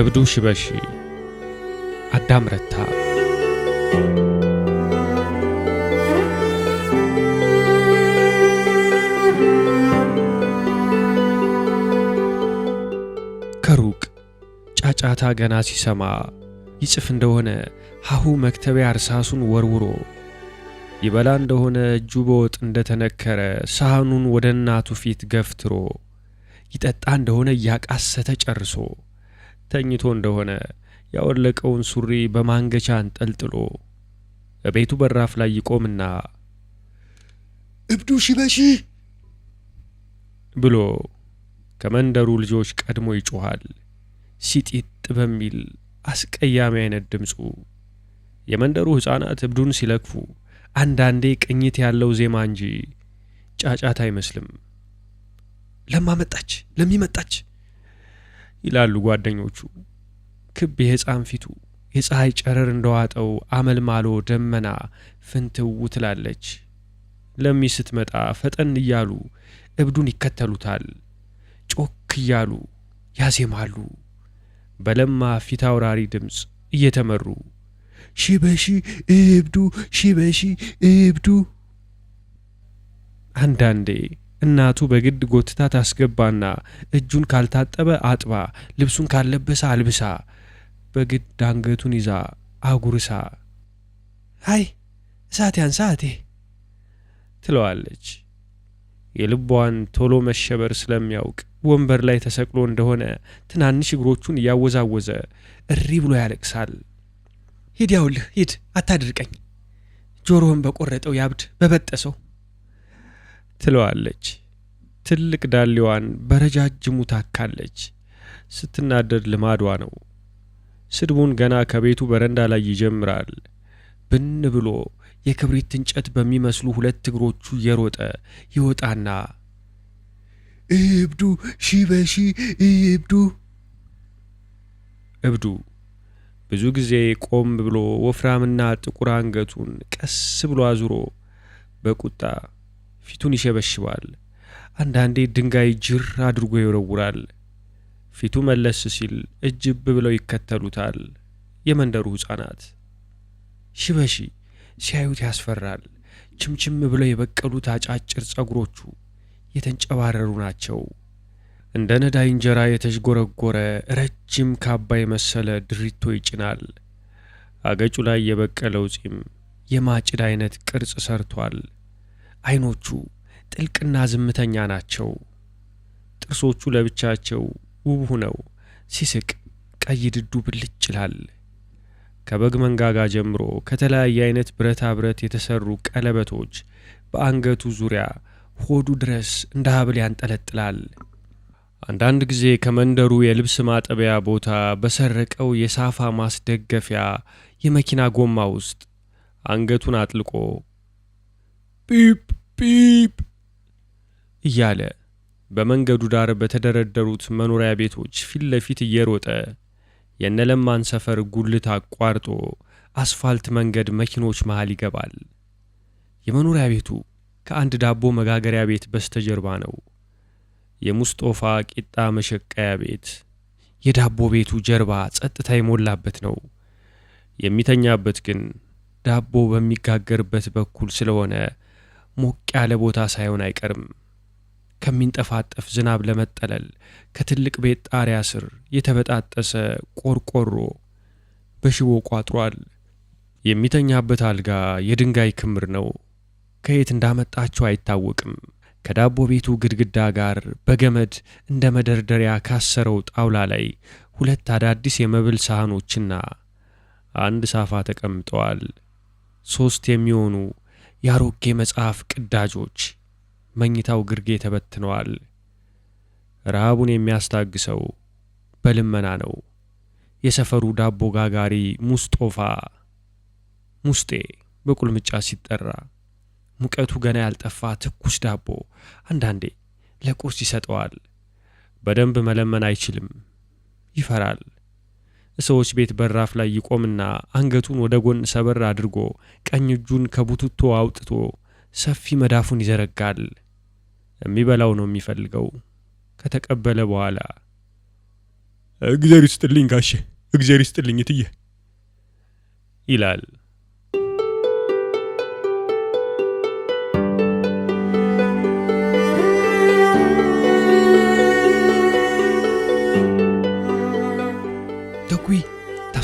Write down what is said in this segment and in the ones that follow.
እብዱ ሽበሺ አዳም ረታ ጫጫታ ገና ሲሰማ ይጽፍ እንደሆነ ሀሁ መክተቢያ እርሳሱን ወርውሮ ይበላ እንደሆነ እጁ በወጥ እንደተነከረ ሳህኑን ወደ እናቱ ፊት ገፍትሮ ይጠጣ እንደሆነ እያቃሰተ ጨርሶ ተኝቶ እንደሆነ ያወለቀውን ሱሪ በማንገቻ አንጠልጥሎ በቤቱ በራፍ ላይ ይቆምና እብዱ ሺበሺ ብሎ ከመንደሩ ልጆች ቀድሞ ይጮኋል። ሲጢጥ በሚል አስቀያሚ አይነት ድምፁ የመንደሩ ሕፃናት እብዱን ሲለክፉ አንዳንዴ ቅኝት ያለው ዜማ እንጂ ጫጫት አይመስልም። ለማመጣች ለሚመጣች ይላሉ ጓደኞቹ። ክብ የሕፃን ፊቱ የፀሐይ ጨረር እንደዋጠው አመልማሎ ደመና ፍንትው ትላለች። ለሚ ስትመጣ ፈጠን እያሉ እብዱን ይከተሉታል። ጮክ እያሉ ያዜማሉ። በለማ ፊት አውራሪ ድምፅ እየተመሩ በሺ እብዱ ሺበሺ እብዱ። አንዳንዴ እናቱ በግድ ጎትታ ታስገባና እጁን ካልታጠበ አጥባ፣ ልብሱን ካለበሰ አልብሳ፣ በግድ አንገቱን ይዛ አጉርሳ አይ እሳት ያን ሰዓቴ ትለዋለች። የልቧን ቶሎ መሸበር ስለሚያውቅ ወንበር ላይ ተሰቅሎ እንደሆነ ትናንሽ እግሮቹን እያወዛወዘ እሪ ብሎ ያለቅሳል። ሂድ ያውልህ፣ ሂድ አታድርቀኝ፣ ጆሮህን በቆረጠው ያብድ በበጠሰው ትለዋለች። ትልቅ ዳሌዋን በረጃጅሙ ታካለች። ስትናደድ ልማዷ ነው። ስድቡን ገና ከቤቱ በረንዳ ላይ ይጀምራል። ብን ብሎ የክብሪት እንጨት በሚመስሉ ሁለት እግሮቹ እየሮጠ ይወጣና እብዱ ሺ በሺ እብዱ እብዱ ብዙ ጊዜ ቆም ብሎ ወፍራምና ጥቁር አንገቱን ቀስ ብሎ አዙሮ በቁጣ ፊቱን ይሸበሽባል። አንዳንዴ ድንጋይ ጅር አድርጎ ይወረውራል። ፊቱ መለስ ሲል እጅብ ብለው ይከተሉታል የመንደሩ ሕፃናት። ሺበሺ ሲያዩት ያስፈራል። ችምችም ብለው የበቀሉት አጫጭር ጸጉሮቹ የተንጨባረሩ ናቸው። እንደ ነዳይ እንጀራ የተዥጎረጎረ ረጅም ካባ የመሰለ ድሪቶ ይጭናል። አገጩ ላይ የበቀለው ጺም የማጭድ አይነት ቅርጽ ሰርቷል። አይኖቹ ጥልቅና ዝምተኛ ናቸው። ጥርሶቹ ለብቻቸው ውብ ሆነው ሲስቅ ቀይ ድዱ ብልጭ ይላል። ከበግ መንጋጋ ጀምሮ ከተለያየ አይነት ብረታ ብረት የተሰሩ ቀለበቶች በአንገቱ ዙሪያ ሆዱ ድረስ እንደ ሀብል ያንጠለጥላል። አንዳንድ ጊዜ ከመንደሩ የልብስ ማጠቢያ ቦታ በሰረቀው የሳፋ ማስደገፊያ የመኪና ጎማ ውስጥ አንገቱን አጥልቆ ፒፕ ፒፕ እያለ በመንገዱ ዳር በተደረደሩት መኖሪያ ቤቶች ፊት ለፊት እየሮጠ የነለማን ሰፈር ጉልት አቋርጦ አስፋልት መንገድ መኪኖች መሃል ይገባል። የመኖሪያ ቤቱ ከአንድ ዳቦ መጋገሪያ ቤት በስተጀርባ ነው። የሙስጦፋ ቂጣ መሸቀያ ቤት። የዳቦ ቤቱ ጀርባ ጸጥታ የሞላበት ነው። የሚተኛበት ግን ዳቦ በሚጋገርበት በኩል ስለሆነ ሞቅ ያለ ቦታ ሳይሆን አይቀርም። ከሚንጠፋጠፍ ዝናብ ለመጠለል ከትልቅ ቤት ጣሪያ ስር የተበጣጠሰ ቆርቆሮ በሽቦ ቋጥሯል። የሚተኛበት አልጋ የድንጋይ ክምር ነው። ከየት እንዳመጣቸው አይታወቅም። ከዳቦ ቤቱ ግድግዳ ጋር በገመድ እንደ መደርደሪያ ካሰረው ጣውላ ላይ ሁለት አዳዲስ የመብል ሳህኖችና አንድ ሳፋ ተቀምጠዋል። ሦስት የሚሆኑ የአሮጌ መጽሐፍ ቅዳጆች መኝታው ግርጌ ተበትነዋል። ረሃቡን የሚያስታግሰው በልመና ነው። የሰፈሩ ዳቦ ጋጋሪ ሙስጦፋ ሙስጤ በቁልምጫ ሲጠራ ሙቀቱ ገና ያልጠፋ ትኩስ ዳቦ አንዳንዴ ለቁርስ ይሰጠዋል። በደንብ መለመን አይችልም፣ ይፈራል። ሰዎች ቤት በራፍ ላይ ይቆምና አንገቱን ወደ ጎን ሰበር አድርጎ ቀኝ እጁን ከቡትቶ አውጥቶ ሰፊ መዳፉን ይዘረጋል። የሚበላው ነው የሚፈልገው። ከተቀበለ በኋላ እግዜር ይስጥልኝ ጋሼ፣ እግዜር ይስጥልኝ እትዬ ይላል።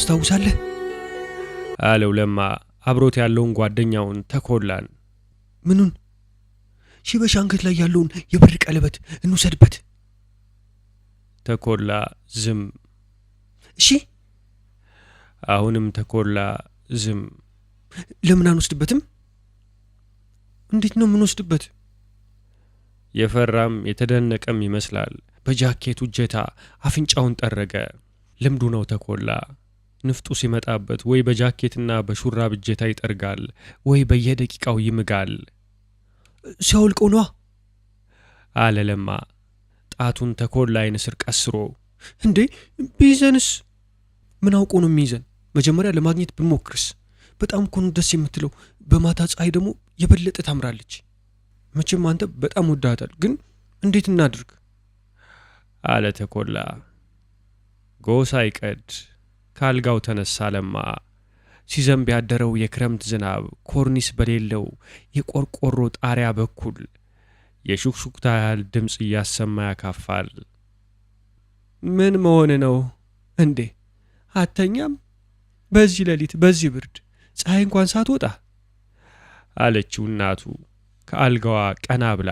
ታስታውሳለህ? አለው ለማ አብሮት ያለውን ጓደኛውን ተኮላን። ምኑን? ሺበሻ አንገት ላይ ያለውን የብር ቀለበት እንውሰድበት። ተኮላ ዝም። እሺ። አሁንም ተኮላ ዝም። ለምን አንወስድበትም? እንዴት ነው የምንወስድበት? የፈራም የተደነቀም ይመስላል። በጃኬቱ እጀታ አፍንጫውን ጠረገ። ልምዱ ነው ተኮላ። ንፍጡ ሲመጣበት ወይ በጃኬትና በሹራብ እጀታ ይጠርጋል፣ ወይ በየደቂቃው ይምጋል። ሲያወልቀው ነዋ አለ ለማ ጣቱን ተኮላ አይን ስር ቀስሮ። እንዴ ቢይዘንስ? ምን አውቆ ነው የሚይዘን? መጀመሪያ ለማግኘት ብንሞክርስ? በጣም እኮ ነው ደስ የምትለው። በማታ ፀሐይ ደግሞ የበለጠ ታምራለች። መቼም አንተ በጣም ወዳታል፣ ግን እንዴት እናድርግ አለ ተኮላ። ጎሳ ይቀድ ከአልጋው ተነሳ ለማ። ሲዘንብ ያደረው የክረምት ዝናብ ኮርኒስ በሌለው የቆርቆሮ ጣሪያ በኩል የሹክሹክታ ያህል ድምፅ እያሰማ ያካፋል። ምን መሆን ነው እንዴ? አተኛም? በዚህ ሌሊት በዚህ ብርድ ፀሐይ እንኳን ሳትወጣ አለችው እናቱ ከአልጋዋ ቀና ብላ።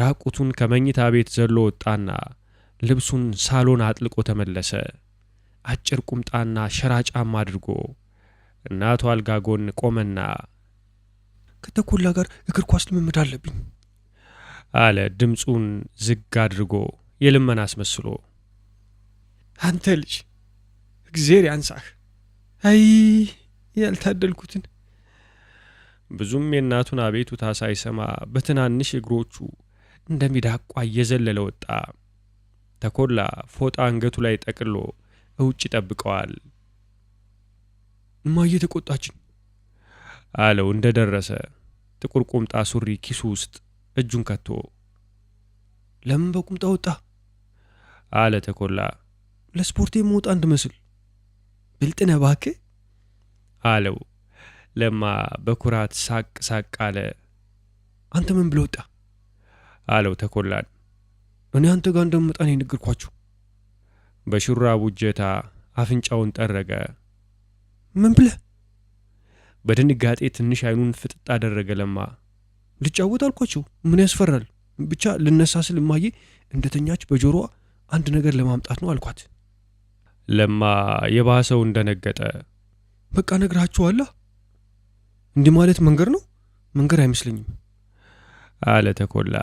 ራቁቱን ከመኝታ ቤት ዘሎ ወጣና ልብሱን ሳሎን አጥልቆ ተመለሰ። አጭር ቁምጣና ሸራ ጫማ አድርጎ እናቱ አልጋ ጎን ቆመና ከተኮላ ጋር እግር ኳስ ልምምድ አለብኝ አለ ድምፁን ዝግ አድርጎ የልመና አስመስሎ። አንተ ልጅ እግዜር ያንሳህ። አይ ያልታደልኩትን። ብዙም የእናቱን አቤቱታ ሳይሰማ በትናንሽ እግሮቹ እንደ ሚዳቋ እየዘለለ ወጣ። ተኮላ ፎጣ አንገቱ ላይ ጠቅሎ እውጭ ጠብቀዋል። እማዬ ተቆጣችን አለው እንደ ደረሰ። ጥቁር ቁምጣ ሱሪ ኪሱ ውስጥ እጁን ከቶ ለምን በቁምጣ ወጣ አለ ተኮላ። ለስፖርት የምወጣ እንድመስል ብልጥነ ባክ አለው። ለማ በኩራት ሳቅ ሳቅ አለ። አንተ ምን ብሎ ወጣ አለው ተኮላን። እኔ አንተ ጋር እንደምመጣ ነው የነገርኳችሁ በሹራቡ እጀታ አፍንጫውን ጠረገ። ምን ብለ? በድንጋጤ ትንሽ አይኑን ፍጥጥ አደረገ ለማ። ልጫወት አልኳችሁ፣ ምን ያስፈራል? ብቻ ልነሳ ስል እማዬ እንደተኛች በጆሮዋ አንድ ነገር ለማምጣት ነው አልኳት። ለማ የባሰው እንደነገጠ። በቃ ነግራችኋላ። እንዲህ ማለት መንገር ነው? መንገር አይመስለኝም አለ ተኮላ።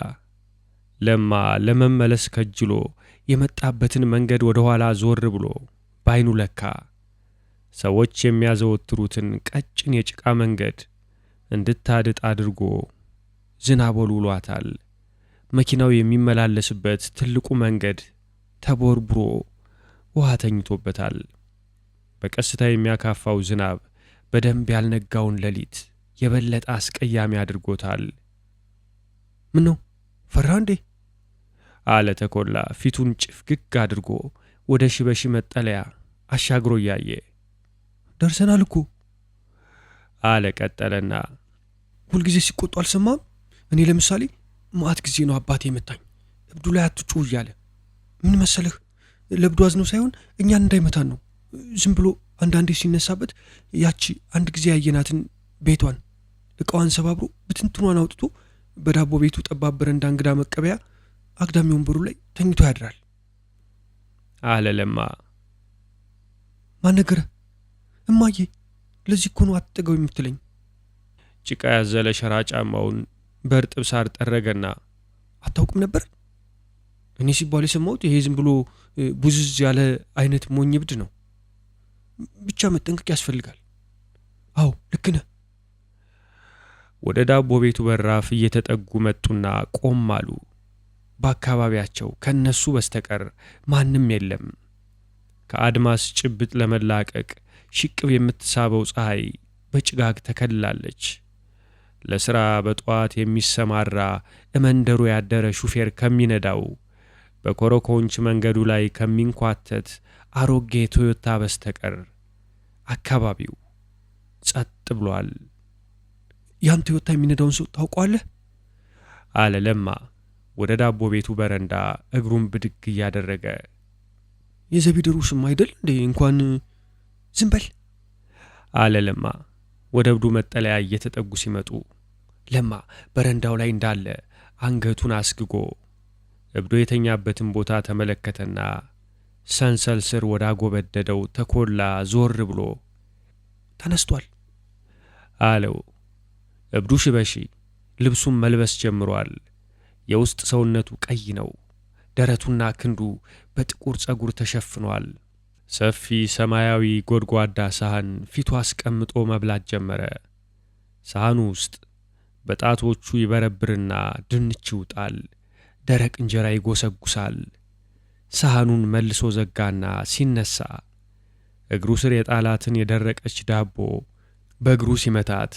ለማ ለመመለስ ከጅሎ የመጣበትን መንገድ ወደ ኋላ ዞር ብሎ ባይኑ ለካ። ሰዎች የሚያዘወትሩትን ቀጭን የጭቃ መንገድ እንድታድጥ አድርጎ ዝናቦል ውሏታል። መኪናው የሚመላለስበት ትልቁ መንገድ ተቦርቡሮ ውሃ ተኝቶበታል። በቀስታ የሚያካፋው ዝናብ በደንብ ያልነጋውን ሌሊት የበለጠ አስቀያሚ አድርጎታል። ምን ነው ፈራ እንዴ? አለ ተኮላ ፊቱን ጭፍግግ አድርጎ ወደ ሺበሺ መጠለያ አሻግሮ እያየ። ደርሰናል እኮ አለ ቀጠለና፣ ሁልጊዜ ሲቆጡ አልሰማም። እኔ ለምሳሌ ማአት ጊዜ ነው አባቴ የመታኝ። እብዱ ላይ አትጩ እያለ ምን መሰልህ ለብዱ አዝነው ሳይሆን እኛን እንዳይመታን ነው። ዝም ብሎ አንዳንዴ ሲነሳበት ያቺ አንድ ጊዜ ያየናትን ቤቷን እቃዋን ሰባብሮ ብትንትኗን አውጥቶ በዳቦ ቤቱ ጠባብ በረንዳ እንግዳ መቀበያ አግዳሚ ወንበሩ ላይ ተኝቶ ያድራል አለ ለማ። ማነገረ እማዬ፣ ለዚህ እኮ ነው አትጠገው የምትለኝ። ጭቃ ያዘለ ሸራ ጫማውን በእርጥብ ሳር ጠረገና አታውቅም ነበር? እኔ ሲባል የሰማሁት ይሄ ዝም ብሎ ቡዝዝ ያለ አይነት ሞኝ ብድ ነው። ብቻ መጠንቀቅ ያስፈልጋል። አዎ ልክነ ወደ ዳቦ ቤቱ በራፍ እየተጠጉ መጡና ቆም አሉ። በአካባቢያቸው ከነሱ በስተቀር ማንም የለም። ከአድማስ ጭብጥ ለመላቀቅ ሽቅብ የምትሳበው ፀሐይ በጭጋግ ተከልላለች። ለሥራ በጠዋት የሚሰማራ እመንደሩ ያደረ ሹፌር ከሚነዳው በኮረኮንች መንገዱ ላይ ከሚንኳተት አሮጌ ቶዮታ በስተቀር አካባቢው ጸጥ ብሏል። ያን ቶዮታ የሚነዳውን ሰው ታውቋለህ? አለ ለማ ወደ ዳቦ ቤቱ በረንዳ እግሩን ብድግ እያደረገ የዘቢድሩ ስም አይደል እንዴ? እንኳን ዝም አለ ለማ። ወደ እብዱ መጠለያ እየተጠጉ ሲመጡ ለማ በረንዳው ላይ እንዳለ አንገቱን አስግጎ እብዶ የተኛበትን ቦታ ተመለከተና ሰንሰል ስር ወዳጎበደደው ተኮላ ዞር ብሎ ተነስቷል አለው። እብዱ ሽበሺ ልብሱን መልበስ ጀምሯል። የውስጥ ሰውነቱ ቀይ ነው። ደረቱና ክንዱ በጥቁር ጸጉር ተሸፍኗል። ሰፊ ሰማያዊ ጎድጓዳ ሳህን ፊቱ አስቀምጦ መብላት ጀመረ። ሳህኑ ውስጥ በጣቶቹ ይበረብርና ድንች ይውጣል። ደረቅ እንጀራ ይጎሰጉሳል። ሳህኑን መልሶ ዘጋና ሲነሳ እግሩ ስር የጣላትን የደረቀች ዳቦ በእግሩ ሲመታት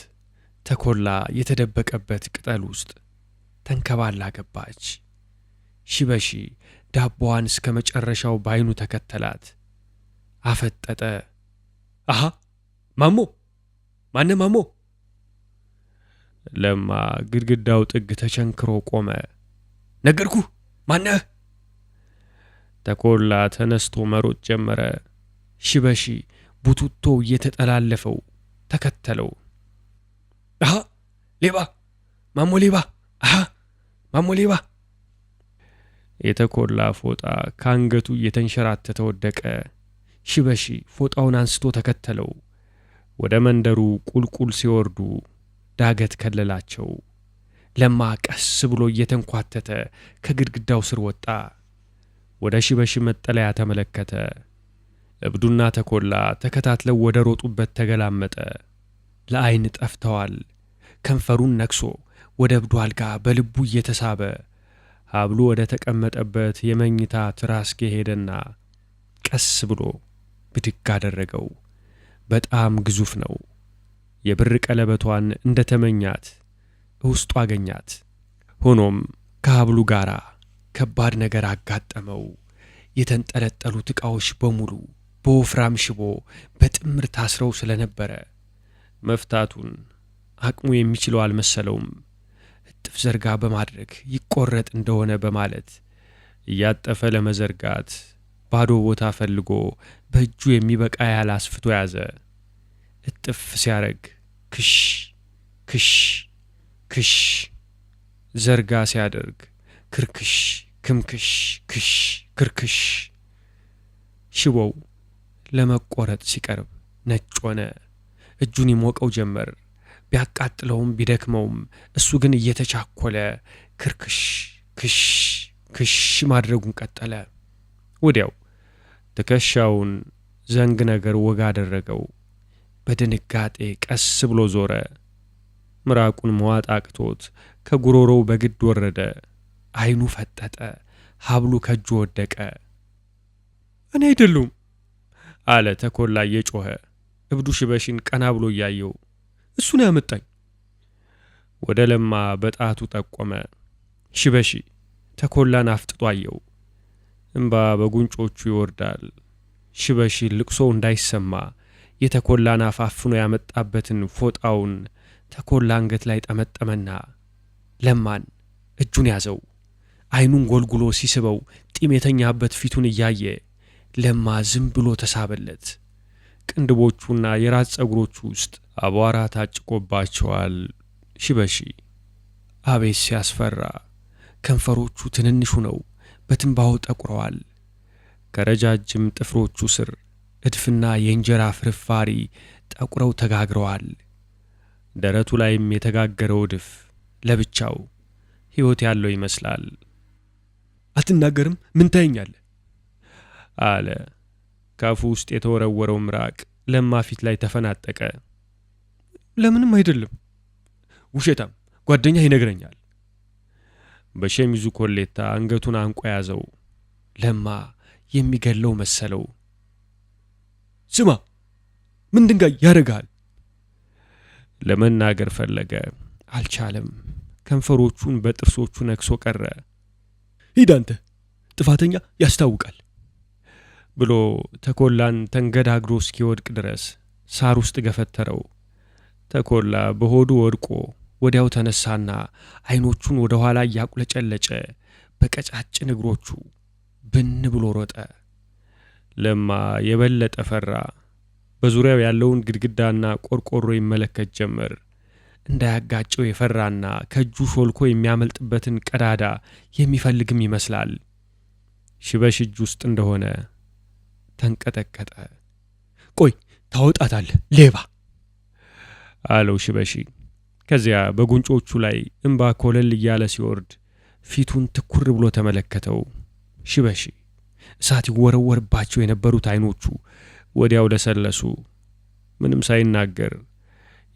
ተኮላ የተደበቀበት ቅጠል ውስጥ ተንከባላ ገባች። ሺበሺ ዳቦዋን እስከ መጨረሻው ባይኑ ተከተላት። አፈጠጠ። አሃ ማሞ፣ ማነ ማሞ? ለማ ግድግዳው ጥግ ተቸንክሮ ቆመ። ነገርኩ ማነ? ተኮላ ተነስቶ መሮጥ ጀመረ። ሺበሺ ቡቱቶ እየተጠላለፈው ተከተለው። አሃ ሌባ ማሞ ሌባ! አሃ ማሞሌባ የተኮላ ፎጣ ከአንገቱ እየተንሸራተተ ወደቀ። ሽበሺ ፎጣውን አንስቶ ተከተለው። ወደ መንደሩ ቁልቁል ሲወርዱ ዳገት ከለላቸው። ለማ ቀስ ብሎ እየተንኳተተ ከግድግዳው ስር ወጣ። ወደ ሽበሺ መጠለያ ተመለከተ። እብዱና ተኮላ ተከታትለው ወደ ሮጡበት ተገላመጠ። ለአይን ጠፍተዋል። ከንፈሩን ነክሶ ወደ እብዱ አልጋ በልቡ እየተሳበ ሀብሉ ወደ ተቀመጠበት የመኝታ ትራስጌ ሄደና ቀስ ብሎ ብድግ አደረገው። በጣም ግዙፍ ነው። የብር ቀለበቷን እንደ ተመኛት ውስጡ አገኛት። ሆኖም ከሀብሉ ጋር ከባድ ነገር አጋጠመው። የተንጠለጠሉት ዕቃዎች በሙሉ በወፍራም ሽቦ በጥምር ታስረው ስለነበረ መፍታቱን አቅሙ የሚችለው አልመሰለውም። እጥፍ ዘርጋ በማድረግ ይቆረጥ እንደሆነ በማለት እያጠፈ ለመዘርጋት ባዶ ቦታ ፈልጎ በእጁ የሚበቃ ያህል አስፍቶ ያዘ። እጥፍ ሲያረግ ክሽ ክሽ ክሽ ዘርጋ ሲያደርግ ክርክሽ ክምክሽ ክሽ ክርክሽ ሽቦው ለመቆረጥ ሲቀርብ ነጭ ሆነ። እጁን ይሞቀው ጀመር። ቢያቃጥለውም ቢደክመውም እሱ ግን እየተቻኮለ ክርክሽ ክሽ ክሽ ማድረጉን ቀጠለ። ወዲያው ትከሻውን ዘንግ ነገር ወጋ አደረገው። በድንጋጤ ቀስ ብሎ ዞረ። ምራቁን መዋጥ አቅቶት ከጉሮሮው በግድ ወረደ። አይኑ ፈጠጠ። ሀብሉ ከእጁ ወደቀ። እኔ አይደሉም አለ ተኮላ እየጮኸ እብዱ ሽበሽን ቀና ብሎ እያየው እሱ ነው ያመጣኝ። ወደ ለማ በጣቱ ጠቆመ። ሽበሺ ተኮላን አፍጥጦ አየው። እምባ በጉንጮቹ ይወርዳል። ሽበሺ ልቅሶ እንዳይሰማ የተኮላን አፋፍኖ ያመጣበትን ፎጣውን ተኮላ አንገት ላይ ጠመጠመና ለማን እጁን ያዘው። አይኑን ጎልጉሎ ሲስበው ጢም የተኛበት ፊቱን እያየ ለማ ዝም ብሎ ተሳበለት። ቅንድቦቹና የራስ ጸጉሮቹ ውስጥ አቧራ ታጭቆባቸዋል። ሽበሺ አቤት ሲያስፈራ! ከንፈሮቹ ትንንሹ ነው፣ በትንባሆ ጠቁረዋል። ከረጃጅም ጥፍሮቹ ስር እድፍና የእንጀራ ፍርፋሪ ጠቁረው ተጋግረዋል። ደረቱ ላይም የተጋገረው እድፍ ለብቻው ሕይወት ያለው ይመስላል። አትናገርም? ምን ታየኛለህ? አለ ከአፉ ውስጥ የተወረወረው ምራቅ ለማ ፊት ላይ ተፈናጠቀ። ለምንም አይደለም፣ ውሸታም ጓደኛ ይነግረኛል። በሸሚዙ ኮሌታ አንገቱን አንቆ ያዘው። ለማ የሚገለው መሰለው። ስማ፣ ምን ድንጋይ ያደርግሃል? ለመናገር ፈለገ፣ አልቻለም። ከንፈሮቹን በጥርሶቹ ነክሶ ቀረ። ሂድ አንተ፣ ጥፋተኛ ያስታውቃል። ብሎ ተኮላን ተንገዳግሮ እስኪወድቅ ድረስ ሳር ውስጥ ገፈተረው። ተኮላ በሆዱ ወድቆ ወዲያው ተነሳና አይኖቹን ወደ ኋላ እያቁለጨለጨ በቀጫጭን እግሮቹ ብን ብሎ ሮጠ። ለማ የበለጠ ፈራ። በዙሪያው ያለውን ግድግዳና ቆርቆሮ ይመለከት ጀመር። እንዳያጋጨው የፈራና ከእጁ ሾልኮ የሚያመልጥበትን ቀዳዳ የሚፈልግም ይመስላል። ሽበሽ እጅ ውስጥ እንደሆነ ተንቀጠቀጠ። ቆይ ታወጣታለህ ሌባ አለው ሽበሺ። ከዚያ በጉንጮቹ ላይ እምባ ኮለል እያለ ሲወርድ ፊቱን ትኩር ብሎ ተመለከተው ሽበሺ። እሳት ይወረወርባቸው የነበሩት አይኖቹ ወዲያው ለሰለሱ። ምንም ሳይናገር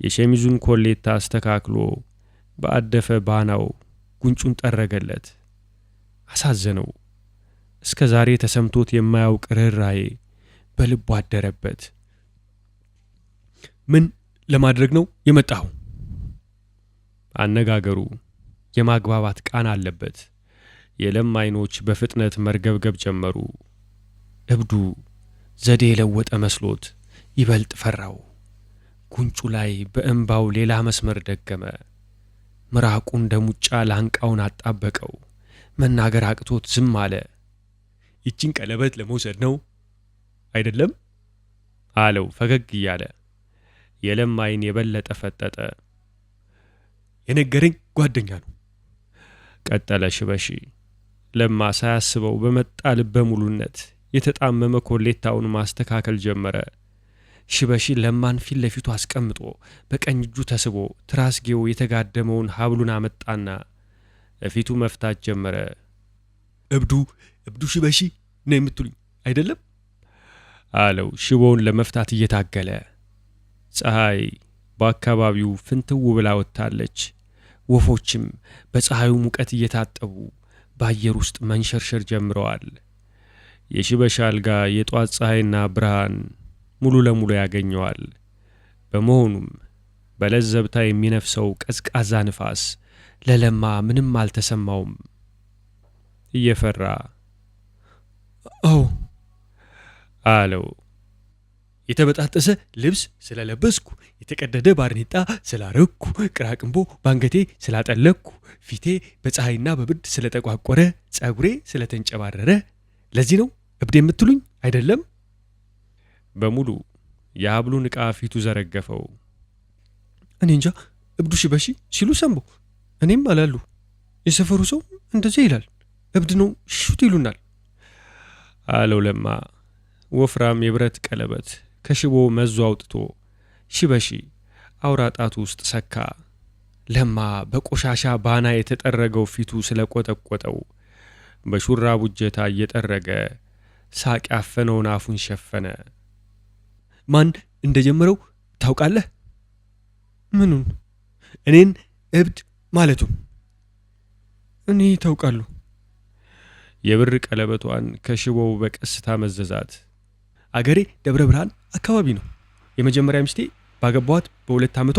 የሸሚዙን ኮሌታ አስተካክሎ በአደፈ ባናው ጉንጩን ጠረገለት። አሳዘነው። እስከ ዛሬ ተሰምቶት የማያውቅ ርኅራዬ በልቡ አደረበት። ምን ለማድረግ ነው የመጣው? አነጋገሩ የማግባባት ቃና አለበት። የለም አይኖች በፍጥነት መርገብገብ ጀመሩ። እብዱ ዘዴ የለወጠ መስሎት ይበልጥ ፈራው። ጉንጩ ላይ በእንባው ሌላ መስመር ደገመ። ምራቁን ሙጫ ላንቃውን አጣበቀው። መናገር አቅቶት ዝም አለ። ይችን ቀለበት ለመውሰድ ነው አይደለም? አለው ፈገግ እያለ። የለም አይን የበለጠ ፈጠጠ። የነገረኝ ጓደኛ ነው ቀጠለ ሽበሺ። ለማ ሳያስበው በመጣ ልበ ሙሉነት የተጣመመ ኮሌታውን ማስተካከል ጀመረ። ሽበሺ ለማን ፊት ለፊቱ አስቀምጦ በቀኝ እጁ ተስቦ ትራስጌው የተጋደመውን ሀብሉን አመጣና ለፊቱ መፍታት ጀመረ። እብዱ እብዱ ሺ በሺ ነው የምትሉኝ አይደለም አለው ሽቦውን ለመፍታት እየታገለ ፀሐይ በአካባቢው ፍንትው ብላ ወጥታለች ወፎችም በፀሐዩ ሙቀት እየታጠቡ በአየር ውስጥ መንሸርሸር ጀምረዋል የሺበሻ አልጋ የጧት ፀሐይና ብርሃን ሙሉ ለሙሉ ያገኘዋል በመሆኑም በለዘብታ የሚነፍሰው ቀዝቃዛ ንፋስ ለለማ ምንም አልተሰማውም እየፈራ አዎ አለው። የተበጣጠሰ ልብስ ስለለበስኩ፣ የተቀደደ ባርኔጣ ስላረግኩ፣ ቅራቅንቦ ባንገቴ ስላጠለቅኩ፣ ፊቴ በፀሐይና በብርድ ስለጠቋቆረ፣ ፀጉሬ ስለተንጨባረረ ለዚህ ነው እብድ የምትሉኝ አይደለም? በሙሉ የሀብሉን ዕቃ ፊቱ ዘረገፈው። እኔ እንጃ እብዱ ሽበሺ ሲሉ ሰንቦ እኔም አላሉ የሰፈሩ ሰው እንደዚህ ይላል። እብድ ነው ሽሹት ይሉናል። አለው ለማ። ወፍራም የብረት ቀለበት ከሽቦ መዞ አውጥቶ ሺ በሺ አውራ ጣቱ ውስጥ ሰካ። ለማ በቆሻሻ ባና የተጠረገው ፊቱ ስለቆጠቆጠው በሹራቡ እጀታ እየጠረገ ሳቅ ያፈነውን አፉን ሸፈነ። ማን እንደጀመረው ታውቃለህ? ምኑን? እኔን እብድ ማለቱን። እኔ ታውቃለሁ የብር ቀለበቷን ከሽቦው በቀስታ መዘዛት። አገሬ ደብረ ብርሃን አካባቢ ነው። የመጀመሪያ ሚስቴ ባገባኋት በሁለት ዓመቷ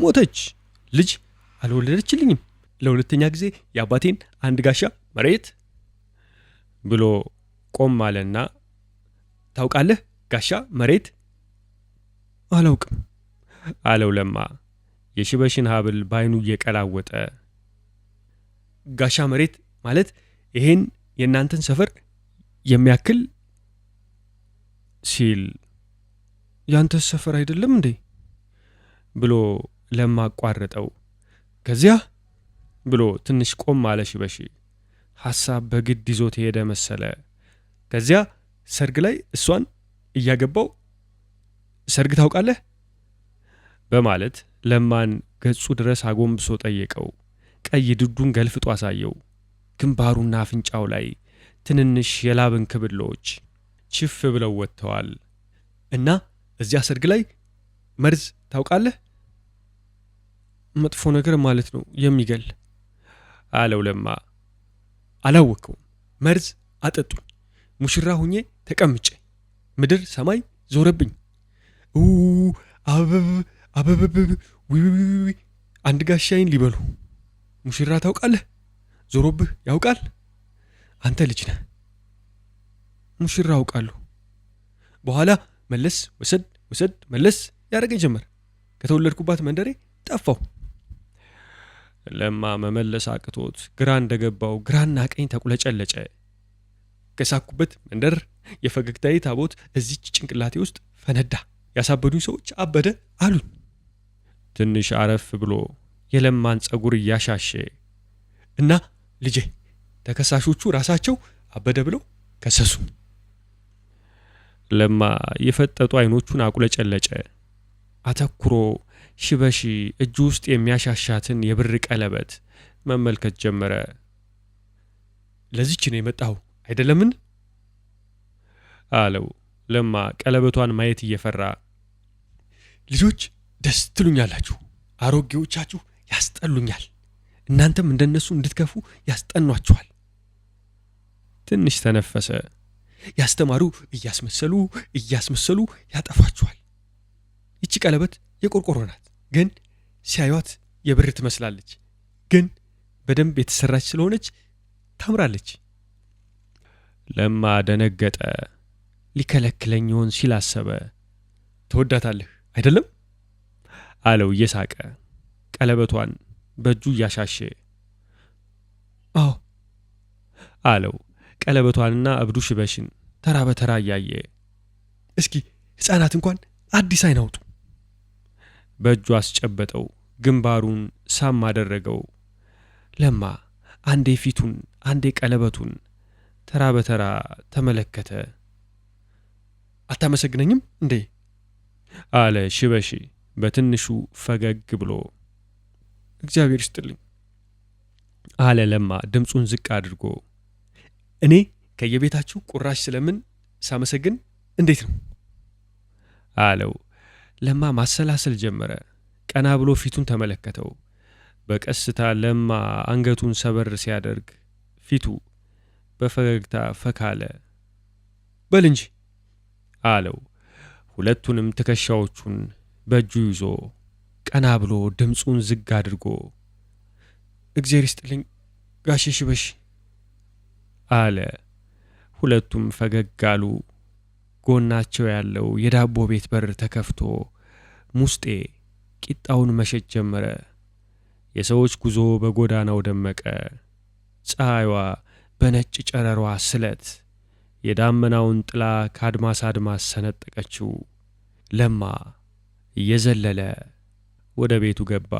ሞተች። ልጅ አልወለደችልኝም። ለሁለተኛ ጊዜ የአባቴን አንድ ጋሻ መሬት ብሎ ቆም አለና፣ ታውቃለህ ጋሻ መሬት? አላውቅም አለው ለማ የሽበሽን ሀብል በአይኑ እየቀላወጠ። ጋሻ መሬት ማለት ይሄን የእናንተን ሰፈር የሚያክል ሲል ያንተ ሰፈር አይደለም እንዴ ብሎ ለማቋረጠው ከዚያ ብሎ ትንሽ ቆም አለ። ሽበሺ ሐሳብ በግድ ይዞት ሄደ መሰለ። ከዚያ ሰርግ ላይ እሷን እያገባው ሰርግ ታውቃለህ በማለት ለማን ገጹ ድረስ አጎንብሶ ጠየቀው። ቀይ ድዱን ገልፍጦ አሳየው። ግንባሩና አፍንጫው ላይ ትንንሽ የላብን ክብሎች ችፍ ብለው ወጥተዋል። እና እዚያ ሰርግ ላይ መርዝ ታውቃለህ? መጥፎ ነገር ማለት ነው የሚገል አለው ለማ። አላወቀውም። መርዝ አጠጡኝ። ሙሽራ ሁኜ ተቀምጬ ምድር ሰማይ ዞረብኝ። አበብ አበበብ አንድ ጋሻይን ሊበሉ ሙሽራ ታውቃለህ ዞሮብህ ያውቃል? አንተ ልጅ ነህ። ሙሽራ አውቃለሁ። በኋላ መለስ ወሰድ ወሰድ መለስ ያደረገኝ ጀመር። ከተወለድኩባት መንደሬ ጠፋው። ለማ መመለስ አቅቶት ግራ እንደገባው ግራና ቀኝ ተቁለጨለጨ። ከሳኩበት መንደር የፈገግታዬ ታቦት እዚች ጭንቅላቴ ውስጥ ፈነዳ። ያሳበዱኝ ሰዎች አበደ አሉኝ። ትንሽ አረፍ ብሎ የለማን ጸጉር እያሻሸ እና ልጄ ተከሳሾቹ ራሳቸው አበደ ብለው ከሰሱ። ለማ የፈጠጡ አይኖቹን አቁለጨለጨ። አተኩሮ ሽበሺ እጁ ውስጥ የሚያሻሻትን የብር ቀለበት መመልከት ጀመረ። ለዚች ነው የመጣው አይደለምን? አለው ለማ ቀለበቷን ማየት እየፈራ። ልጆች ደስ ትሉኛላችሁ፣ አሮጌዎቻችሁ ያስጠሉኛል። እናንተም እንደነሱ እንድትከፉ ያስጠኗችኋል። ትንሽ ተነፈሰ። ያስተማሩ እያስመሰሉ እያስመሰሉ ያጠፏችኋል። ይቺ ቀለበት የቆርቆሮ ናት፣ ግን ሲያዩት የብር ትመስላለች። ግን በደንብ የተሰራች ስለሆነች ታምራለች። ለማ ደነገጠ። ሊከለክለኝ ይሆን ሲል አሰበ። ትወዳታለህ አይደለም አለው እየሳቀ ቀለበቷን በእጁ እያሻሸ አዎ አለው። ቀለበቷንና እብዱ ሽበሽን ተራ በተራ እያየ እስኪ ሕፃናት እንኳን አዲስ አይናውጡ በእጁ አስጨበጠው፣ ግንባሩን ሳም አደረገው። ለማ አንዴ ፊቱን አንዴ ቀለበቱን ተራ በተራ ተመለከተ። አታመሰግነኝም እንዴ አለ ሽበሺ በትንሹ ፈገግ ብሎ። እግዚአብሔር ይስጥልኝ አለ ለማ ድምፁን ዝቅ አድርጎ። እኔ ከየቤታችሁ ቁራሽ ስለምን ሳመሰግን እንዴት ነው አለው። ለማ ማሰላሰል ጀመረ። ቀና ብሎ ፊቱን ተመለከተው። በቀስታ ለማ አንገቱን ሰበር ሲያደርግ ፊቱ በፈገግታ ፈካለ። በል እንጂ አለው። ሁለቱንም ትከሻዎቹን በእጁ ይዞ ቀና ብሎ ድምፁን ዝግ አድርጎ እግዜር ይስጥልኝ ጋሼ ሽበሽ አለ። ሁለቱም ፈገግ አሉ። ጎናቸው ያለው የዳቦ ቤት በር ተከፍቶ ሙስጤ ቂጣውን መሸጥ ጀመረ። የሰዎች ጉዞ በጎዳናው ደመቀ። ፀሐይዋ በነጭ ጨረሯ ስለት የዳመናውን ጥላ ከአድማስ አድማስ ሰነጠቀችው። ለማ እየዘለለ ወደ ቤቱ ገባ።